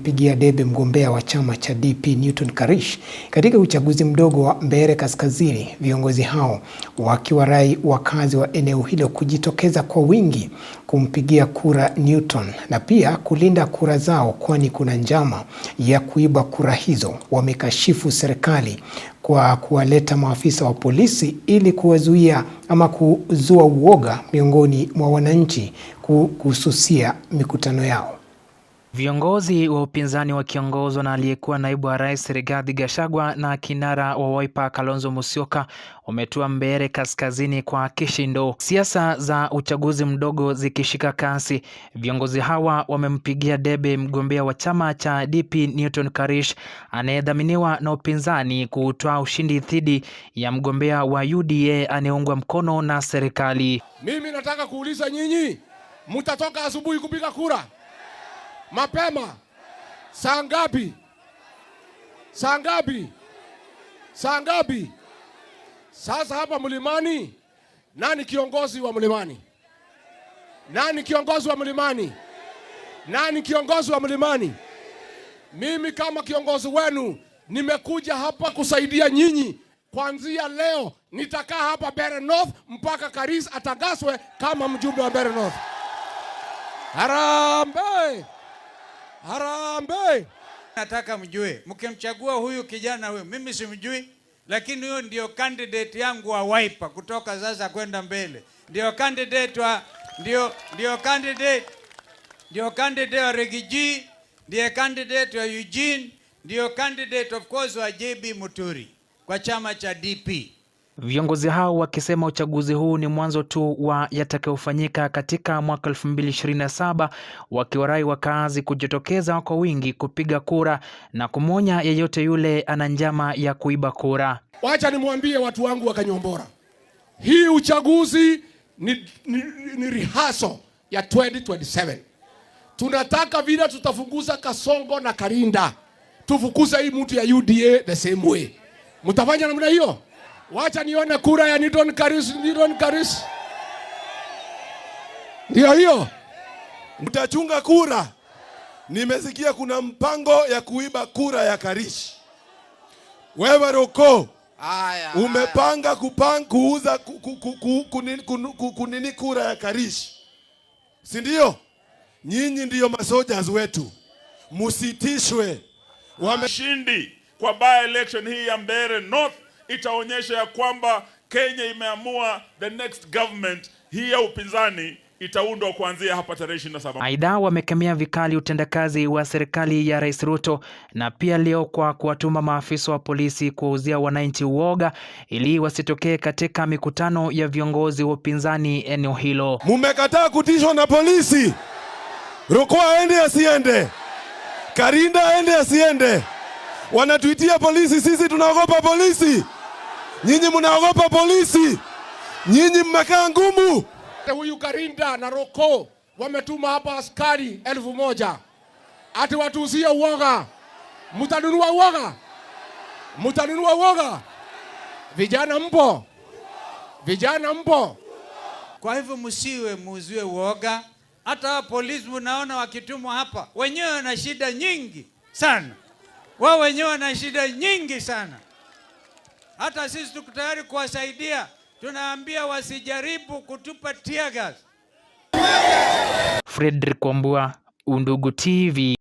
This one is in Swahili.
kumpigia debe mgombea wa chama cha DP Newton Karish katika uchaguzi mdogo wa Mbeere Kaskazini, viongozi hao wakiwarai wakazi wa eneo hilo kujitokeza kwa wingi kumpigia kura Newton na pia kulinda kura zao, kwani kuna njama ya kuiba kura hizo. Wamekashifu serikali kwa kuwaleta maafisa wa polisi ili kuwazuia ama kuzua uoga miongoni mwa wananchi kuhususia mikutano yao. Viongozi wa upinzani wakiongozwa na aliyekuwa naibu wa rais Rigathi Gachagua na kinara wa Wiper Kalonzo Musyoka wametua Mbeere kaskazini kwa kishindo, siasa za uchaguzi mdogo zikishika kasi. Viongozi hawa wamempigia debe mgombea wa chama cha DP Newton Karish anayedhaminiwa na upinzani kutoa ushindi dhidi ya mgombea wa UDA anayeungwa mkono na serikali. Mimi nataka kuuliza nyinyi, mtatoka asubuhi kupiga kura? Mapema saa ngapi? Saa ngapi? Saa ngapi? Sasa hapa mlimani, nani kiongozi wa mlimani? Nani kiongozi wa mlimani? Nani kiongozi wa mlimani? Mimi kama kiongozi wenu nimekuja hapa kusaidia nyinyi. Kuanzia leo nitakaa hapa Mbeere North mpaka Karis atagaswe kama mjumbe wa Mbeere North. Harambee! Harambe. Nataka mjue, mkimchagua huyu kijana huyu, mimi simjui, lakini huyu ndio candidate yangu wa Wiper kutoka sasa kwenda mbele, ndio candidate wa ndio ndio candidate ndio candidate wa Regiji, ndiyo candidate wa Eugene, ndio candidate of course wa JB Muturi kwa chama cha DP. Viongozi hao wakisema uchaguzi huu ni mwanzo tu wa yatakayofanyika katika mwaka 2027 wakiwarai wakaazi kujitokeza kwa wingi kupiga kura na kumwonya yeyote yule ana njama ya kuiba kura. Wacha nimwambie watu wangu wa Kanyombora, hii uchaguzi ni, ni, ni rihaso ya 2027. Tunataka vile tutafukuza Kasongo na Karinda, tufukuza hii mtu ya UDA the same way. Mtafanya namna hiyo? Wacha nione kura ya Newton Karis, Newton Karis. Ndio hiyo. Mtachunga kura. Nimesikia kuna mpango ya kuiba kura ya Karish. Wewe Roko, Aya. umepanga kupanga kuuza kunini kura ya Karish, si ndio? Nyinyi ndiyo masojas wetu, musitishwe. Wameshindi kwa by election hii ya Mbeere North itaonyesha ya kwamba Kenya imeamua the next government hii ya upinzani itaundwa kuanzia hapa tarehe 27. Aidha, wamekemea vikali utendakazi wa serikali ya Rais Ruto na pia leo kwa kuwatuma maafisa wa polisi kuwauzia wananchi uoga ili wasitokee katika mikutano ya viongozi wa upinzani eneo hilo. Mumekataa kutishwa na polisi. Rokoa aende asiende, Karinda aende asiende, wanatuitia polisi, sisi tunaogopa polisi. Nyinyi mnaogopa polisi, nyinyi mmekaa ngumu. Huyu Karinda na Roko wametuma hapa askari elfu moja ati watuuzie uoga. Mtanunua uoga? Mtanunua uoga? Vijana mpo? Vijana mpo? Kwa hivyo msiwe muzie uoga. Hata polisi munaona wakitumwa hapa, wenyewe wana shida nyingi sana, wao wenyewe wana shida nyingi sana. Hata sisi tuko tayari kuwasaidia, tunaambia wasijaribu kutupa tear gas. Fredrick Wambua, Undugu TV.